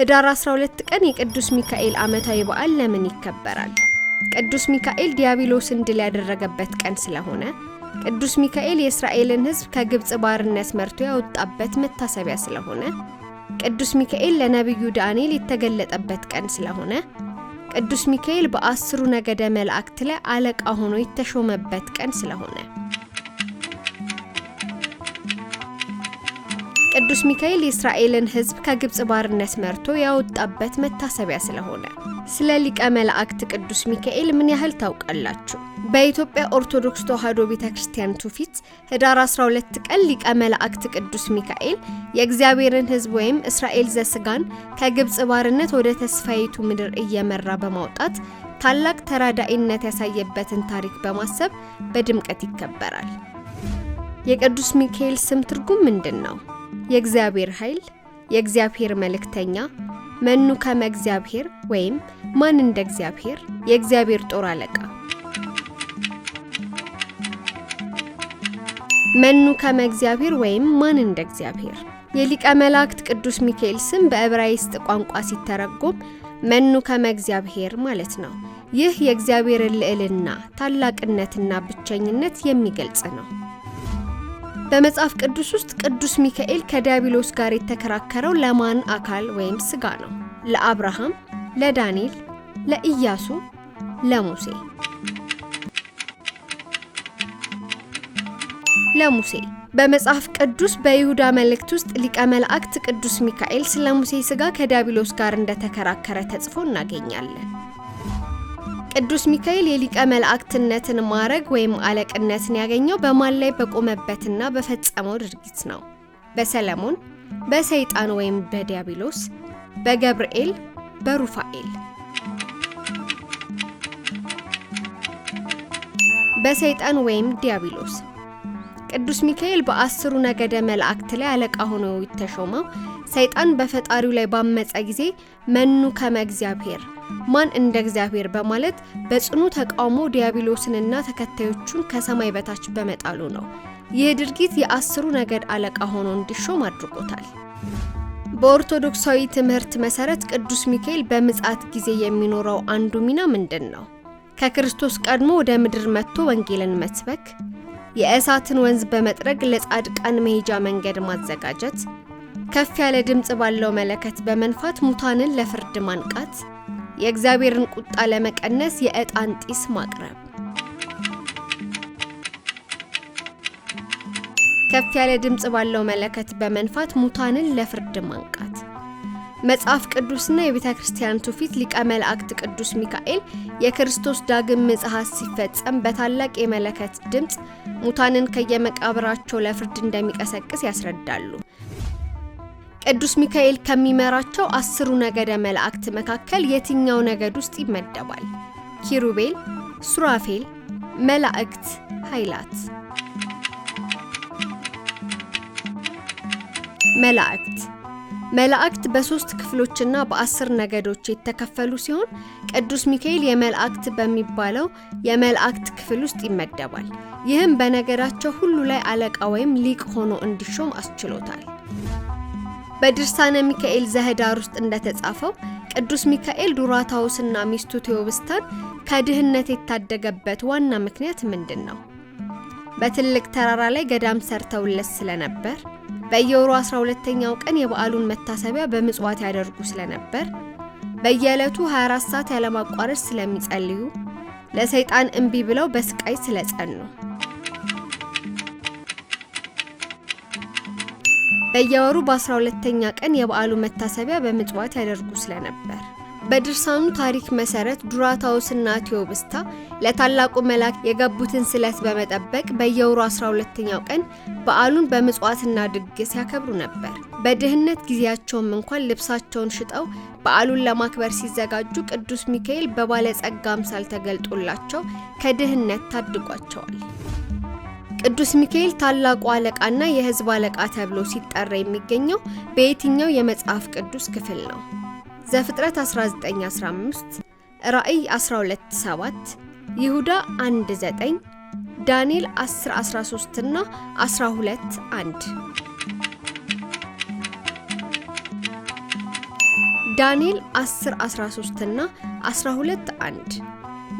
ህዳር 12 ቀን የቅዱስ ሚካኤል ዓመታዊ በዓል ለምን ይከበራል? ቅዱስ ሚካኤል ዲያብሎስን ድል ያደረገበት ቀን ስለሆነ፣ ቅዱስ ሚካኤል የእስራኤልን ሕዝብ ከግብፅ ባርነት መርቶ ያወጣበት መታሰቢያ ስለሆነ፣ ቅዱስ ሚካኤል ለነቢዩ ዳንኤል የተገለጠበት ቀን ስለሆነ፣ ቅዱስ ሚካኤል በአስሩ ነገደ መላእክት ላይ አለቃ ሆኖ የተሾመበት ቀን ስለሆነ ቅዱስ ሚካኤል የእስራኤልን ሕዝብ ከግብፅ ባርነት መርቶ ያወጣበት መታሰቢያ ስለሆነ። ስለ ሊቀ መላእክት ቅዱስ ሚካኤል ምን ያህል ታውቃላችሁ? በኢትዮጵያ ኦርቶዶክስ ተዋሕዶ ቤተ ክርስቲያን ትውፊት ህዳር 12 ቀን ሊቀ መላእክት ቅዱስ ሚካኤል የእግዚአብሔርን ህዝብ ወይም እስራኤል ዘስጋን ከግብፅ ባርነት ወደ ተስፋይቱ ምድር እየመራ በማውጣት ታላቅ ተራዳኢነት ያሳየበትን ታሪክ በማሰብ በድምቀት ይከበራል። የቅዱስ ሚካኤል ስም ትርጉም ምንድን ነው? የእግዚአብሔር ኃይል፣ የእግዚአብሔር መልእክተኛ፣ መኑ ከመ እግዚአብሔር ወይም ማን እንደ እግዚአብሔር፣ የእግዚአብሔር ጦር አለቃ። መኑ ከመ እግዚአብሔር ወይም ማን እንደ እግዚአብሔር የሊቀ መላእክት ቅዱስ ሚካኤል ስም በዕብራይስጥ ቋንቋ ሲተረጎም መኑ ከመ እግዚአብሔር ማለት ነው። ይህ የእግዚአብሔርን ልዕልና ታላቅነትና ብቸኝነት የሚገልጽ ነው። በመጽሐፍ ቅዱስ ውስጥ ቅዱስ ሚካኤል ከዲያብሎስ ጋር የተከራከረው ለማን አካል ወይም ስጋ ነው? ለአብርሃም፣ ለዳንኤል፣ ለኢያሱ፣ ለሙሴ። ለሙሴ በመጽሐፍ ቅዱስ በይሁዳ መልእክት ውስጥ ሊቀ መላእክት ቅዱስ ሚካኤል ስለ ሙሴ ስጋ ከዲያብሎስ ጋር እንደተከራከረ ተጽፎ እናገኛለን። ቅዱስ ሚካኤል የሊቀ መላእክትነትን ማዕረግ ወይም አለቅነትን ያገኘው በማን ላይ በቆመበትና በፈጸመው ድርጊት ነው? በሰለሞን፣ በሰይጣን ወይም በዲያብሎስ፣ በገብርኤል፣ በሩፋኤል። በሰይጣን ወይም ዲያብሎስ ቅዱስ ሚካኤል በአስሩ ነገደ መላእክት ላይ አለቃ ሆኖ የተሾመው ሰይጣን በፈጣሪው ላይ ባመፀ ጊዜ መኑ ከመ እግዚአብሔር ማን እንደ እግዚአብሔር በማለት በጽኑ ተቃውሞ ዲያብሎስንና ተከታዮቹን ከሰማይ በታች በመጣሉ ነው። ይህ ድርጊት የአስሩ ነገድ አለቃ ሆኖ እንዲሾም አድርጎታል። በኦርቶዶክሳዊ ትምህርት መሰረት ቅዱስ ሚካኤል በምጽአት ጊዜ የሚኖረው አንዱ ሚና ምንድን ነው? ከክርስቶስ ቀድሞ ወደ ምድር መጥቶ ወንጌልን መስበክ፣ የእሳትን ወንዝ በመጥረግ ለጻድቃን መሄጃ መንገድ ማዘጋጀት፣ ከፍ ያለ ድምፅ ባለው መለከት በመንፋት ሙታንን ለፍርድ ማንቃት የእግዚአብሔርን ቁጣ ለመቀነስ የእጣን ጢስ ማቅረብ። ከፍ ያለ ድምፅ ባለው መለከት በመንፋት ሙታንን ለፍርድ ማንቃት። መጽሐፍ ቅዱስና የቤተ ክርስቲያን ትውፊት ሊቀ መላእክት ቅዱስ ሚካኤል የክርስቶስ ዳግም ምጽአት ሲፈጸም በታላቅ የመለከት ድምፅ ሙታንን ከየመቃብራቸው ለፍርድ እንደሚቀሰቅስ ያስረዳሉ። ቅዱስ ሚካኤል ከሚመራቸው አስሩ ነገደ መላእክት መካከል የትኛው ነገድ ውስጥ ይመደባል? ኪሩቤል፣ ሱራፌል፣ መላእክት፣ ኃይላት። መላእክት መላእክት በሶስት ክፍሎችና በአስር ነገዶች የተከፈሉ ሲሆን ቅዱስ ሚካኤል የመላእክት በሚባለው የመላእክት ክፍል ውስጥ ይመደባል። ይህም በነገዳቸው ሁሉ ላይ አለቃ ወይም ሊቅ ሆኖ እንዲሾም አስችሎታል። በድርሳነ ሚካኤል ዘህዳር ውስጥ እንደተጻፈው ቅዱስ ሚካኤል ዱራታውስና ሚስቱ ቴዎብስታን ከድህነት የታደገበት ዋና ምክንያት ምንድን ነው? በትልቅ ተራራ ላይ ገዳም ሰርተውለት ስለነበር፣ በየወሩ 12 ኛው ቀን የበዓሉን መታሰቢያ በምጽዋት ያደርጉ ስለነበር፣ በየዕለቱ 24 ሰዓት ያለማቋረጥ ስለሚጸልዩ፣ ለሰይጣን እምቢ ብለው በስቃይ ስለጸኑ በየወሩ በ12ተኛ ቀን የበዓሉ መታሰቢያ በምጽዋት ያደርጉ ስለነበር በድርሳኑ ታሪክ መሰረት ዱራታውስና ቴዎብስታ ለታላቁ መልአክ የገቡትን ስለት በመጠበቅ በየወሩ 12ተኛው ቀን በዓሉን በምጽዋትና ድግስ ያከብሩ ነበር። በድህነት ጊዜያቸውም እንኳን ልብሳቸውን ሽጠው በዓሉን ለማክበር ሲዘጋጁ ቅዱስ ሚካኤል በባለጸጋ አምሳል ተገልጦላቸው ከድህነት ታድጓቸዋል። ቅዱስ ሚካኤል ታላቁ አለቃና የህዝብ አለቃ ተብሎ ሲጠራ የሚገኘው በየትኛው የመጽሐፍ ቅዱስ ክፍል ነው? ዘፍጥረት 19:15፣ ራእይ 12:7፣ ይሁዳ 1:9፣ ዳንኤል 10:13 እና 12:1። ዳንኤል 10:13 እና 12:1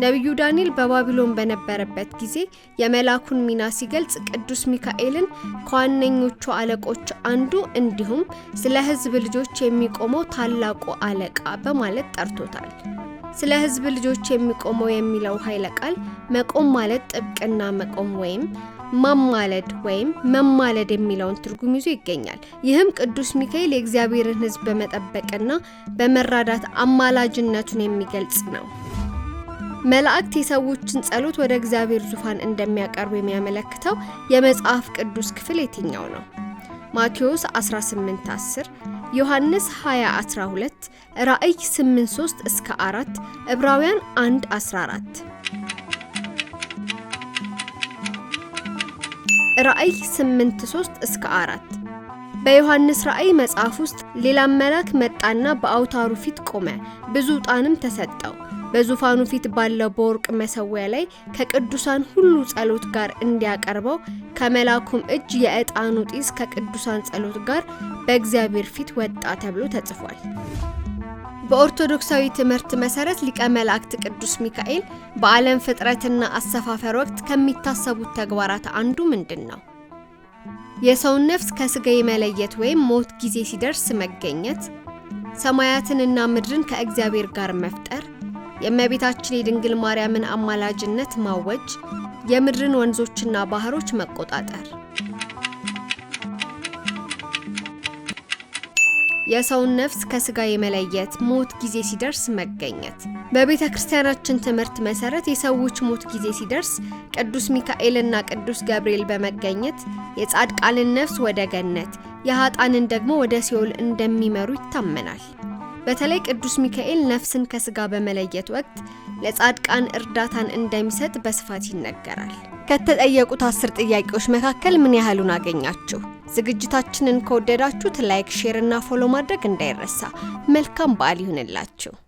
ነቢዩ ዳንኤል በባቢሎን በነበረበት ጊዜ የመልአኩን ሚና ሲገልጽ ቅዱስ ሚካኤልን ከዋነኞቹ አለቆች አንዱ እንዲሁም ስለ ሕዝብ ልጆች የሚቆመው ታላቁ አለቃ በማለት ጠርቶታል። ስለ ሕዝብ ልጆች የሚቆመው የሚለው ኃይለ ቃል መቆም ማለት ጥብቅና መቆም ወይም ማማለድ ወይም መማለድ የሚለውን ትርጉም ይዞ ይገኛል። ይህም ቅዱስ ሚካኤል የእግዚአብሔርን ሕዝብ በመጠበቅና በመራዳት አማላጅነቱን የሚገልጽ ነው። መላእክት የሰዎችን ጸሎት ወደ እግዚአብሔር ዙፋን እንደሚያቀርቡ የሚያመለክተው የመጽሐፍ ቅዱስ ክፍል የትኛው ነው? ማቴዎስ 18:10፣ ዮሐንስ 20:12፣ ራእይ 8:3 እስከ 4፣ ዕብራውያን 1:14። ራእይ 8:3 እስከ 4 በዮሐንስ ራእይ መጽሐፍ ውስጥ ሌላም መልአክ መጣና በአውታሩ ፊት ቆመ፣ ብዙ ዕጣንም ተሰጠው። በዙፋኑ ፊት ባለው በወርቅ መሰዊያ ላይ ከቅዱሳን ሁሉ ጸሎት ጋር እንዲያቀርበው ከመልአኩም እጅ የዕጣኑ ጢስ ከቅዱሳን ጸሎት ጋር በእግዚአብሔር ፊት ወጣ ተብሎ ተጽፏል። በኦርቶዶክሳዊ ትምህርት መሰረት ሊቀ መላእክት ቅዱስ ሚካኤል በዓለም ፍጥረትና አሰፋፈር ወቅት ከሚታሰቡት ተግባራት አንዱ ምንድን ነው? የሰውን ነፍስ ከስጋ መለየት ወይም ሞት ጊዜ ሲደርስ መገኘት፣ ሰማያትንና ምድርን ከእግዚአብሔር ጋር መፍጠር የእመቤታችን የድንግል ማርያምን አማላጅነት ማወጅ፣ የምድርን ወንዞችና ባህሮች መቆጣጠር፣ የሰውን ነፍስ ከስጋ የመለየት ሞት ጊዜ ሲደርስ መገኘት። በቤተ ክርስቲያናችን ትምህርት መሰረት የሰዎች ሞት ጊዜ ሲደርስ ቅዱስ ሚካኤልና ቅዱስ ገብርኤል በመገኘት የጻድቃንን ነፍስ ወደ ገነት የሀጣንን ደግሞ ወደ ሲኦል እንደሚመሩ ይታመናል። በተለይ ቅዱስ ሚካኤል ነፍስን ከስጋ በመለየት ወቅት ለጻድቃን እርዳታን እንደሚሰጥ በስፋት ይነገራል። ከተጠየቁት አስር ጥያቄዎች መካከል ምን ያህሉን አገኛችሁ? ዝግጅታችንን ከወደዳችሁት ላይክ፣ ሼር እና ፎሎ ማድረግ እንዳይረሳ። መልካም በዓል ይሁንላችሁ።